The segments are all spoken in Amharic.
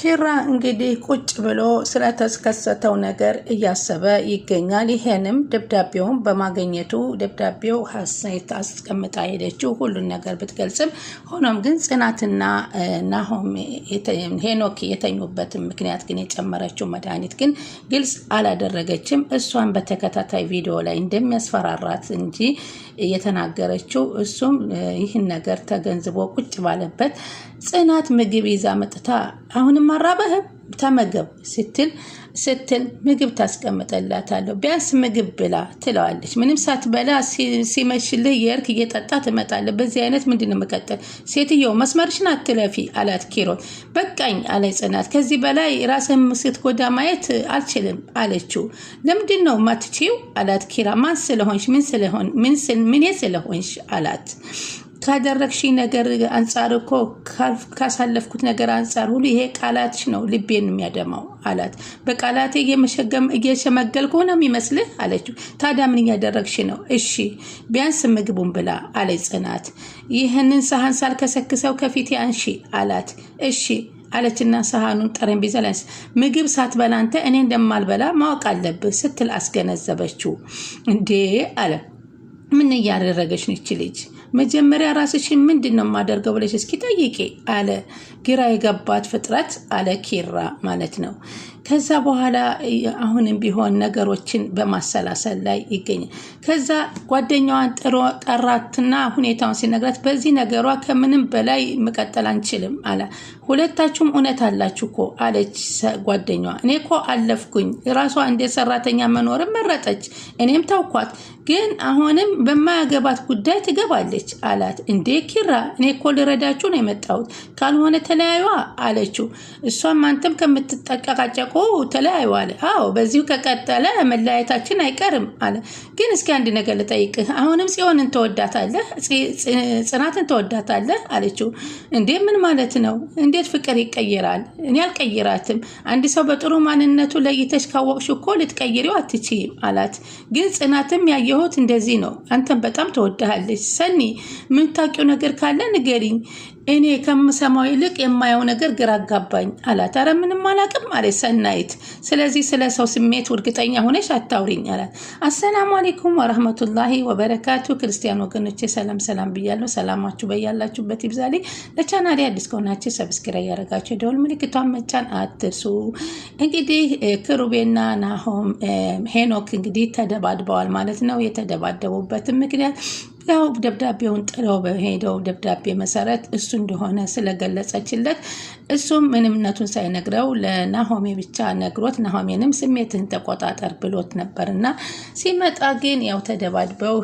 ኪራ እንግዲህ ቁጭ ብሎ ስለተከሰተው ነገር እያሰበ ይገኛል። ይሄንም ደብዳቤውን በማግኘቱ ደብዳቤው ሀሴት አስቀምጣ ሄደችው ሁሉን ነገር ብትገልጽም፣ ሆኖም ግን ጽናትና ናሆም ሄኖክ የተኙበትን ምክንያት ግን የጨመረችው መድኃኒት ግን ግልጽ አላደረገችም። እሷን በተከታታይ ቪዲዮ ላይ እንደሚያስፈራራት እንጂ የተናገረችው እሱም ይህን ነገር ተገንዝቦ ቁጭ ባለበት ጽናት ምግብ ይዛ መጥታ አሁንም አራበህም ተመገብ ስትል ስትል ምግብ ታስቀምጠላታለሁ። ቢያንስ ምግብ ብላ ትለዋለች። ምንም ሳትበላ ሲመሽልህ የእርክ እየጠጣ ትመጣለህ። በዚህ አይነት ምንድን መቀጠል? ሴትየው መስመርሽን አትለፊ አላት ኪሮን። በቃኝ አለ ጽናት። ከዚህ በላይ ራስህን ስትጎዳ ማየት አልችልም አለችው። ለምንድን ነው ማትችው አላት ኪራ። ማን ስለሆንሽ ምን ስለሆን ምን ስለሆንሽ አላት ካደረግሽኝ ነገር አንጻር እኮ ካሳለፍኩት ነገር አንጻር ሁሉ ይሄ ቃላትሽ ነው ልቤን የሚያደማው አላት። በቃላቴ እየሸመገል ከሆነ የሚመስልህ አለችው። ታዲያ ምን እያደረግሽ ነው? እሺ ቢያንስ ምግቡን ብላ አለ ጽናት። ይህንን ሰሃን ሳልከሰክሰው ከፊቴ አንሺ አላት። እሺ አለችና ሰሃኑን ጠረጴዛ ላይ ምግብ ሳትበላ አንተ እኔ እንደማልበላ ማወቅ አለብህ ስትል አስገነዘበችው። እንዴ አለ ምን እያደረገች ነች ልጅ መጀመሪያ ራስሽን ምንድን ነው የማደርገው ብለሽ እስኪ ጠይቂ አለ ግራ የገባት ፍጥረት አለ ኪራ ማለት ነው። ከዛ በኋላ አሁንም ቢሆን ነገሮችን በማሰላሰል ላይ ይገኛል። ከዛ ጓደኛዋን ጥሮ ጠራትና ሁኔታውን ሲነግራት በዚህ ነገሯ ከምንም በላይ መቀጠል አንችልም አለ። ሁለታችሁም እውነት አላችሁ እኮ አለች ጓደኛዋ። እኔ እኮ አለፍኩኝ። ራሷ እንደ ሰራተኛ መኖርም መረጠች። እኔም ታውኳት ግን አሁንም በማያገባት ጉዳይ ትገባለች አላት። እንዴ ኪራ፣ እኔ እኮ ልረዳችሁ ነው የመጣሁት፣ ካልሆነ ተለያዩዋ አለችው። እሷም አንተም ከምትጠቀቃጨቁ ተለያዩ አለ። አዎ በዚሁ ከቀጠለ መለያየታችን አይቀርም አለ። ግን እስኪ አንድ ነገር ልጠይቅህ፣ አሁንም ጽዮንን ተወዳታለህ? ጽናትን ተወዳታለህ አለችው። እንዴ ምን ማለት ነው? እንዴት ፍቅር ይቀይራል? እኔ አልቀይራትም። አንድ ሰው በጥሩ ማንነቱ ለይተሽ ካወቅሽ እኮ ልትቀይሪው አትችይም አላት። ግን ጽናትም ያየሁ ህይወት እንደዚህ ነው። አንተም በጣም ተወዳሃለች። ሰኒ የምታውቂው ነገር ካለ ንገሪኝ። እኔ ከምሰማው ይልቅ የማየው ነገር ግራ አጋባኝ አላት። አረ ምንም አላቅም አለች ሰናይት። ስለዚህ ስለ ሰው ስሜት እርግጠኛ ሆነሽ አታውሪኝ አላት። አሰላሙ አሌይኩም ወረህመቱላሂ ወበረካቱ። ክርስቲያን ወገኖቼ ሰላም ሰላም ብያለሁ። ሰላማችሁ በያላችሁበት ይብዛሌ። ለቻናሌ አዲስ ከሆናችሁ ሰብስክራ ያደረጋችሁ የደወል ምልክቷን መጫን አትርሱ። እንግዲህ ክሩቤና ናሆም ሄኖክ እንግዲህ ተደባድበዋል ማለት ነው። የተደባደቡበትም ምክንያት ያው ደብዳቤውን ጥለው በሄደው ደብዳቤ መሰረት እሱ እንደሆነ ስለገለጸችለት እሱም ምንምነቱን ሳይነግረው ለናሆሜ ብቻ ነግሮት ናሆሜንም ስሜትህን ተቆጣጠር ብሎት ነበር እና ሲመጣ ግን ያው ተደባድበው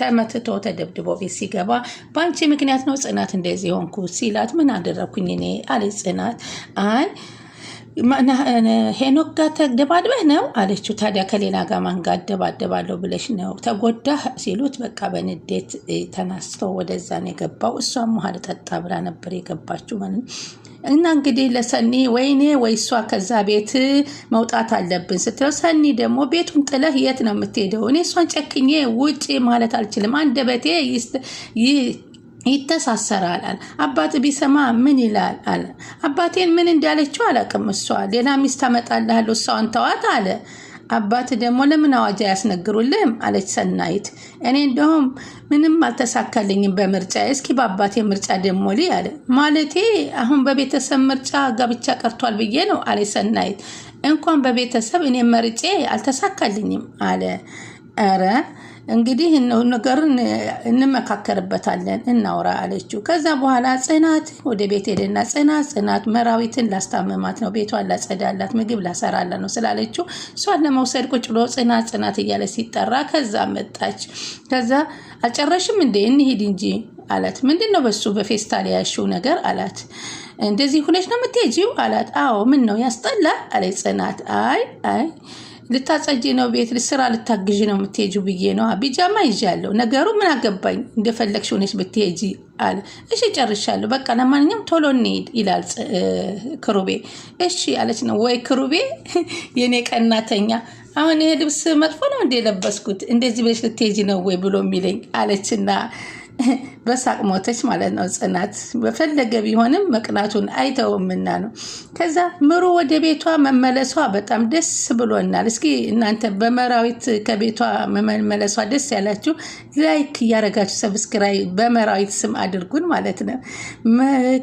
ተመትቶ ተደብድቦ ቤት ሲገባ በአንቺ ምክንያት ነው ጽናት እንደዚህ ሆንኩ ሲላት ምን አደረግኩኝ እኔ አለች ጽናት አይ ሄኖክ ጋር ተደባድበህ ነው አለችው። ታዲያ ከሌላ ጋር ማን ጋር ብለሽ ነው ተጎዳህ ሲሉት፣ በቃ በንዴት ተናስቶ ወደዛ ነው የገባው። እሷም ውሃ ልጠጣ ብላ ነበር የገባችው ማለት እና እንግዲህ ለሰኒ ወይኔ ወይ እሷ ከዛ ቤት መውጣት አለብን ስትለው፣ ሰኒ ደግሞ ቤቱን ጥለህ የት ነው የምትሄደው? እኔ እሷን ጨክኜ ውጪ ማለት አልችልም። አንደበቴ ይተሳሰራል። አባት ቢሰማ ምን ይላል አለ። አባቴን ምን እንዳለችው አላቅም። እሷ ሌላ ሚስት አመጣልሃለሁ፣ እሷን ተዋት አለ። አባት ደግሞ ለምን አዋጅ አያስነግሩልህም አለች ሰናይት። እኔ እንደውም ምንም አልተሳካልኝም በምርጫ እስኪ በአባቴ ምርጫ ደግሞ ል አለ። ማለቴ አሁን በቤተሰብ ምርጫ ጋብቻ ቀርቷል ብዬ ነው አለች ሰናይት። እንኳን በቤተሰብ እኔ መርጬ አልተሳካልኝም አለ ረ እንግዲህ ነገሩን እንመካከርበታለን፣ እናውራ አለችው። ከዛ በኋላ ጽናት ወደ ቤት ሄደና ጽናት ጽናት መራዊትን ላስታምማት ነው ቤቷን ላጸዳላት ምግብ ላሰራላት ነው ስላለችው እሷን ለመውሰድ ቁጭ ብሎ ጽናት ጽናት እያለ ሲጠራ ከዛ መጣች። ከዛ አልጨረሽም እንዴ እንሂድ እንጂ አላት። ምንድን ነው በሱ በፌስታል ያሽው ነገር አላት። እንደዚህ ሁነች ነው የምትሄጂው አላት። አዎ ምን ነው ያስጠላ አለ ጽናት። አይ አይ ልታጸጂ ነው ቤት ስራ ልታግዢ ነው የምትሄጁ ብዬ ነው። ቢጃማ ይዣለሁ። ነገሩ ምን አገባኝ እንደፈለግሽ ሆነሽ ብትሄጂ አለ። እሺ ጨርሻለሁ፣ በቃ ለማንኛውም ቶሎ እንሂድ ይላል ክሩቤ። እሺ አለች ነው ወይ ክሩቤ፣ የኔ ቀናተኛ አሁን ይሄ ልብስ መጥፎ ነው እንደ የለበስኩት እንደዚህ ብለሽ ልትሄጂ ነው ወይ ብሎ የሚለኝ አለችና በሳቅ ሞተች ማለት ነው። ጽናት በፈለገ ቢሆንም መቅናቱን አይተውምና ነው። ከዛ ምሩ ወደ ቤቷ መመለሷ በጣም ደስ ብሎናል። እስኪ እናንተ በመራዊት ከቤቷ መመለሷ ደስ ያላችሁ ላይክ እያረጋችሁ ሰብስክራይብ በመራዊት ስም አድርጉን ማለት ነው።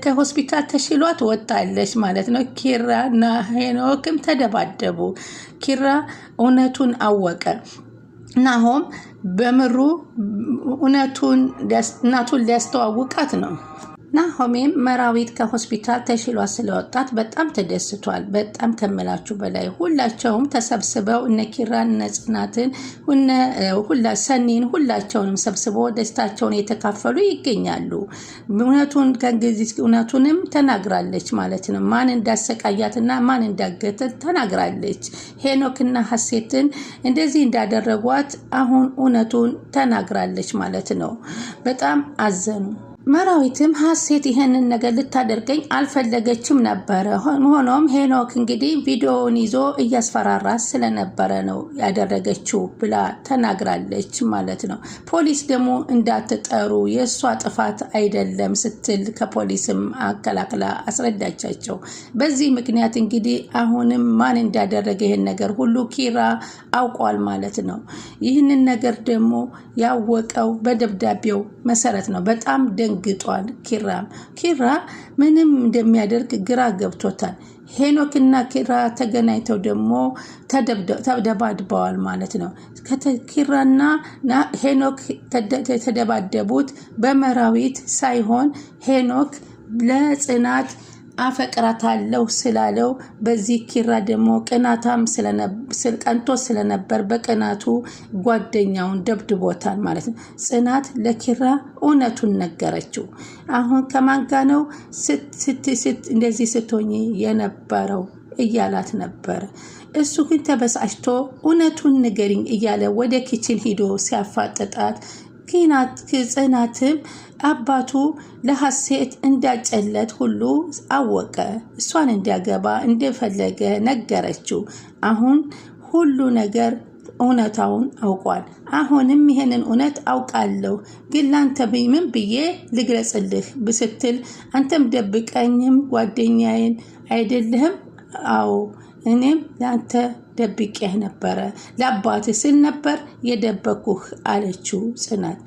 ከሆስፒታል ተሽሏት ወጣለች ማለት ነው። ኪራና ሄኖክም ተደባደቡ። ኪራ እውነቱን አወቀ። ናሆም በምሩ እውነቱን እናቱን ሊያስተዋውቃት ነው። ናሆሜም መራዊት ከሆስፒታል ተሽሏ ስለወጣት በጣም ተደስቷል። በጣም ከምላችሁ በላይ ሁላቸውም ተሰብስበው እነ ኪራን፣ እነ ጽናትን፣ ሰኒን ሁላቸውንም ሰብስቦ ደስታቸውን የተካፈሉ ይገኛሉ። እውነቱን ከእንግዲህ እውነቱንም ተናግራለች ማለት ነው። ማን እንዳሰቃያትና ማን እንዳገተት ተናግራለች። ሄኖክና ሀሴትን እንደዚህ እንዳደረጓት አሁን እውነቱን ተናግራለች ማለት ነው። በጣም አዘኑ። መራዊትም ሀሴት ይህንን ነገር ልታደርገኝ አልፈለገችም ነበረ። ሆኖም ሄኖክ እንግዲህ ቪዲዮውን ይዞ እያስፈራራ ስለነበረ ነው ያደረገችው ብላ ተናግራለች ማለት ነው። ፖሊስ ደግሞ እንዳትጠሩ የእሷ ጥፋት አይደለም ስትል ከፖሊስም አከላክላ አስረዳቻቸው። በዚህ ምክንያት እንግዲህ አሁንም ማን እንዳደረገ ይህን ነገር ሁሉ ኪራ አውቋል ማለት ነው። ይህንን ነገር ደግሞ ያወቀው በደብዳቤው መሰረት ነው። በጣም ደንግ ደንግጧል። ኪራም ኪራ ምንም እንደሚያደርግ ግራ ገብቶታል። ሄኖክና ኪራ ተገናኝተው ደግሞ ተደባድበዋል ማለት ነው። ኪራና ሄኖክ የተደባደቡት በመራዊት ሳይሆን ሄኖክ ለጽናት አፈቅራታለሁ ስላለው በዚህ ኪራ ደግሞ ቅናታም ቀንቶ ስለነበር በቅናቱ ጓደኛውን ደብድቦታል ማለት ነው። ጽናት ለኪራ እውነቱን ነገረችው። አሁን ከማንጋ ነው እንደዚህ ስትሆኝ የነበረው እያላት ነበረ። እሱ ግን ተበሳጭቶ እውነቱን ንገሪኝ እያለ ወደ ኪችን ሂዶ ሲያፋጥጣት ጽናትም አባቱ ለሐሴት እንዳጨለት ሁሉ አወቀ። እሷን እንዲያገባ እንደፈለገ ነገረችው። አሁን ሁሉ ነገር እውነታውን አውቋል። አሁንም ይሄንን እውነት አውቃለሁ፣ ግን ላንተ ምን ብዬ ልግለጽልህ ብስትል አንተም ደብቀኝም ጓደኛዬን አይደለህም? አዎ እኔም ለአንተ ደብቄህ ነበረ ለአባትህ ስል ነበር የደበኩህ አለችው ጽናት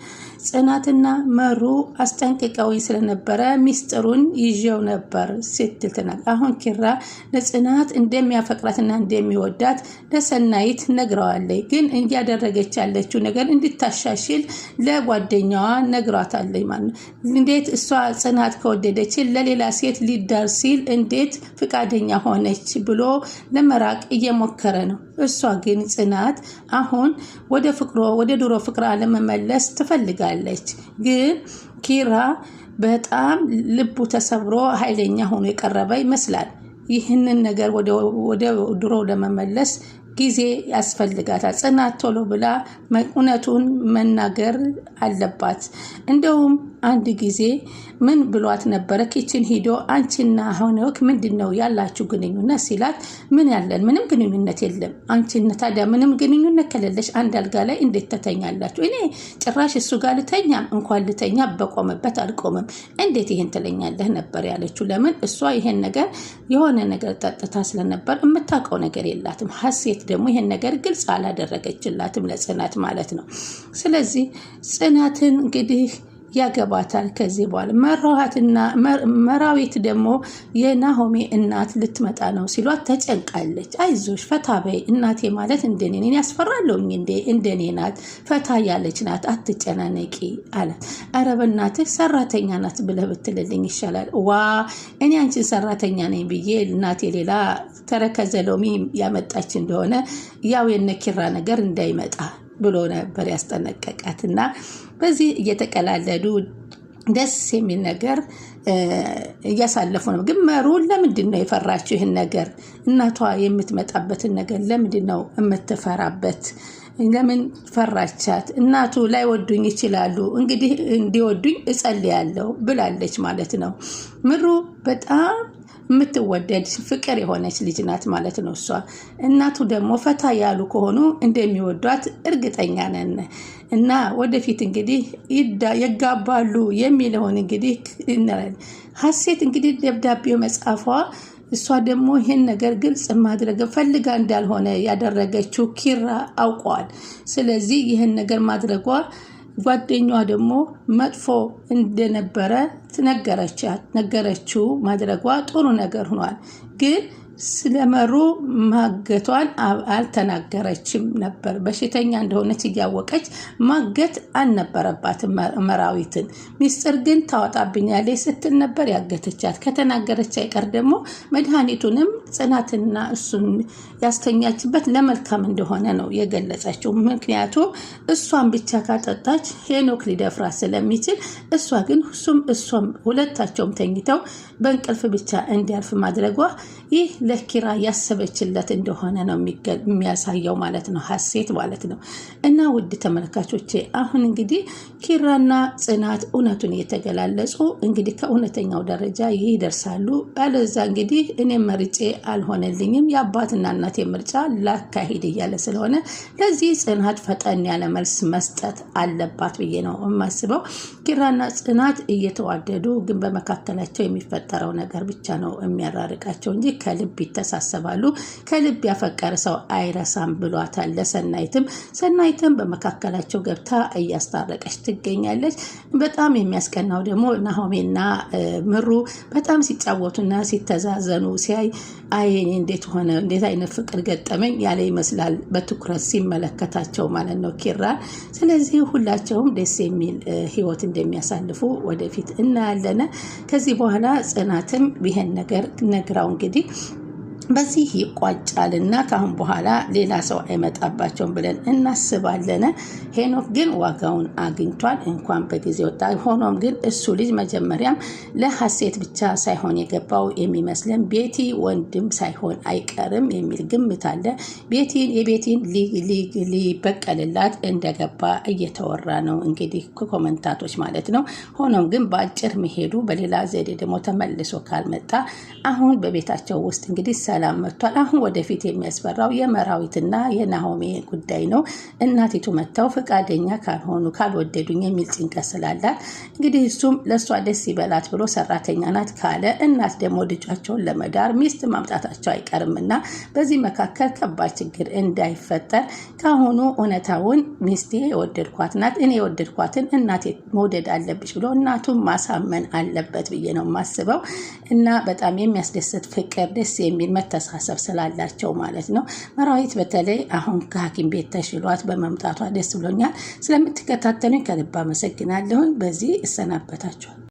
ጽናትና መሩ አስጠንቅቀው ስለነበረ ሚስጥሩን ይዤው ነበር ስትል ትናል። አሁን ኪራ ለጽናት እንደሚያፈቅራትና እንደሚወዳት ለሰናይት ነግረዋለች። ግን እያደረገች ያለችው ነገር እንድታሻሽል ለጓደኛዋ ነግሯታለች። ማለት እንዴት እሷ ጽናት ከወደደችን ለሌላ ሴት ሊዳር ሲል እንዴት ፍቃደኛ ሆነች ብሎ ለመራቅ እየሞከረ ነው። እሷ ግን ጽናት አሁን ወደ ፍቅሮ ወደ ድሮ ፍቅራ ለመመለስ ትፈልጋለች። ግን ኪራ በጣም ልቡ ተሰብሮ ኃይለኛ ሆኖ የቀረበ ይመስላል። ይህንን ነገር ወደ ድሮ ለመመለስ ጊዜ ያስፈልጋታል። ጽናት ቶሎ ብላ እውነቱን መናገር አለባት። እንደውም አንድ ጊዜ ምን ብሏት ነበረ? ኪችን ሂዶ አንቺና ሄኖክ ምንድን ነው ያላችሁ ግንኙነት ሲላት፣ ምን ያለን ምንም ግንኙነት የለም። አንቺና ታዲያ ምንም ግንኙነት ከሌለሽ አንድ አልጋ ላይ እንዴት ተተኛላችሁ? እኔ ጭራሽ እሱ ጋር ልተኛ እንኳን ልተኛ በቆመበት አልቆምም። እንዴት ይህን ትለኛለህ ነበር ያለችው። ለምን እሷ ይሄን ነገር የሆነ ነገር ጠጥታ ስለነበር የምታውቀው ነገር የላትም። ሀሴት ደግሞ ይሄን ነገር ግልጽ አላደረገችላትም፣ ለጽናት ማለት ነው። ስለዚህ ጽናትን እንግዲህ ያገባታል ከዚህ በኋላ መራዊት ደግሞ የናሆሜ እናት ልትመጣ ነው ሲሏት ተጨንቃለች። አይዞሽ ፈታ በይ እናቴ ማለት እንደኔ እኔን እንዴ እንደኔ ናት ፈታ ያለች ናት አትጨናነቂ አላት። ኧረ በእናትህ ሰራተኛ ናት ብለህ ብትልልኝ ይሻላል። ዋ እኔ አንቺን ሰራተኛ ነኝ ብዬ እናቴ ሌላ ተረከዘ ሎሚ ያመጣች እንደሆነ ያው የነኪራ ነገር እንዳይመጣ ብሎ ነበር ያስጠነቀቃት እና በዚህ እየተቀላለዱ ደስ የሚል ነገር እያሳለፉ ነው። ግን መሩ ለምንድን ነው የፈራችው? ይህን ነገር እናቷ የምትመጣበትን ነገር ለምንድን ነው የምትፈራበት? ለምን ፈራቻት? እናቱ ላይወዱኝ ይችላሉ፣ እንግዲህ እንዲወዱኝ እጸልያለሁ ብላለች ማለት ነው። ምሩ በጣም የምትወደድ ፍቅር የሆነች ልጅ ናት ማለት ነው። እሷ እናቱ ደግሞ ፈታ ያሉ ከሆኑ እንደሚወዷት እርግጠኛ ነን እና ወደፊት እንግዲህ ይጋባሉ የሚለውን እንግዲህ እንረን። ሀሴት እንግዲህ ደብዳቤው መጻፏ እሷ ደግሞ ይህን ነገር ግልጽ ማድረግ ፈልጋ እንዳልሆነ ያደረገችው ኪራ አውቀዋል። ስለዚህ ይህን ነገር ማድረጓ ጓደኛዋ ደግሞ መጥፎ እንደነበረ ነገረቻት። ነገረችው ማድረጓ ጥሩ ነገር ሆኗል። ግን ስለመሩ ማገቷን አልተናገረችም ነበር። በሽተኛ እንደሆነች እያወቀች ማገት አልነበረባትም መራዊትን። ሚስጥር ግን ታወጣብኛለች ስትል ነበር ያገተቻት። ከተናገረች አይቀር ደግሞ መድኃኒቱንም ጽናትና እሱን ያስተኛችበት ለመልካም እንደሆነ ነው የገለጸችው። ምክንያቱም እሷን ብቻ ካጠጣች ሄኖክ ሊደፍራ ስለሚችል እሷ ግን እሱም እሷም ሁለታቸውም ተኝተው በእንቅልፍ ብቻ እንዲያልፍ ማድረጓ ይህ ለኪራ ያሰበችለት እንደሆነ ነው የሚያሳየው ማለት ነው፣ ሀሴት ማለት ነው። እና ውድ ተመልካቾቼ አሁን እንግዲህ ኪራና ጽናት እውነቱን እየተገላለጹ እንግዲህ ከእውነተኛው ደረጃ ይደርሳሉ። አለዛ እንግዲህ እኔም መርጬ አልሆነልኝም የአባትና ፓርቲ ምርጫ ላካሄድ እያለ ስለሆነ ለዚህ ጽናት ፈጠን ያለ መልስ መስጠት አለባት ብዬ ነው የማስበው። ኪራና ጽናት እየተዋደዱ ግን በመካከላቸው የሚፈጠረው ነገር ብቻ ነው የሚያራርቃቸው እንጂ ከልብ ይተሳሰባሉ። ከልብ ያፈቀረ ሰው አይረሳም ብሏታል ለሰናይትም። ሰናይትም በመካከላቸው ገብታ እያስታረቀች ትገኛለች። በጣም የሚያስቀናው ደግሞ ናሆሜና ምሩ በጣም ሲጫወቱና ሲተዛዘኑ ሲያይ አይ እንዴት ሆነ እንዴት አይነት ፍቅር ገጠመኝ ያለ ይመስላል በትኩረት ሲመለከታቸው ማለት ነው ኪራ። ስለዚህ ሁላቸውም ደስ የሚል ህይወት እንደሚያሳልፉ ወደፊት እናያለን። ከዚህ በኋላ ጽናትም ይሄን ነገር ነግራው እንግዲህ በዚህ እና ካሁን በኋላ ሌላ ሰው አይመጣባቸውም ብለን እናስባለን። ሄኖክ ግን ዋጋውን አግኝቷል፣ እንኳን በጊዜ ወጣ። ሆኖም ግን እሱ ልጅ መጀመሪያም ለሀሴት ብቻ ሳይሆን የገባው የሚመስለን ቤቲ ወንድም ሳይሆን አይቀርም የሚል ግምት አለ። ቤቲን የቤቲን ሊበቀልላት እንደገባ እየተወራ ነው እንግዲህ ኮመንታቶች ማለት ነው። ሆኖም ግን በአጭር መሄዱ በሌላ ዘዴ ደግሞ ተመልሶ ካልመጣ አሁን በቤታቸው ውስጥ እንግዲህ ሰላም መጥቷል። አሁን ወደፊት የሚያስፈራው የመራዊትና የናሆሜ ጉዳይ ነው። እናቲቱ መጥተው ፈቃደኛ ካልሆኑ ካልወደዱኝ የሚል ጭንቀት ስላላት እንግዲህ እሱም ለእሷ ደስ ይበላት ብሎ ሰራተኛ ናት ካለ እናት ደግሞ ልጃቸውን ለመዳር ሚስት ማምጣታቸው አይቀርምና በዚህ መካከል ከባድ ችግር እንዳይፈጠር ካሁኑ እውነታውን ሚስቴ የወደድኳት ናት፣ እኔ የወደድኳትን እናቴ መውደድ አለብሽ ብሎ እናቱን ማሳመን አለበት ብዬ ነው የማስበው። እና በጣም የሚያስደስት ፍቅር፣ ደስ የሚል መተሳሰብ ስላላቸው ማለት ነው። መራዊት በተለይ አሁን ከሐኪም ቤት ተሽሏት በመምጣቷ ደስ ብሎኛል። ስለምትከታተሉኝ ከልብ አመሰግናለሁኝ። በዚህ እሰናበታችኋል።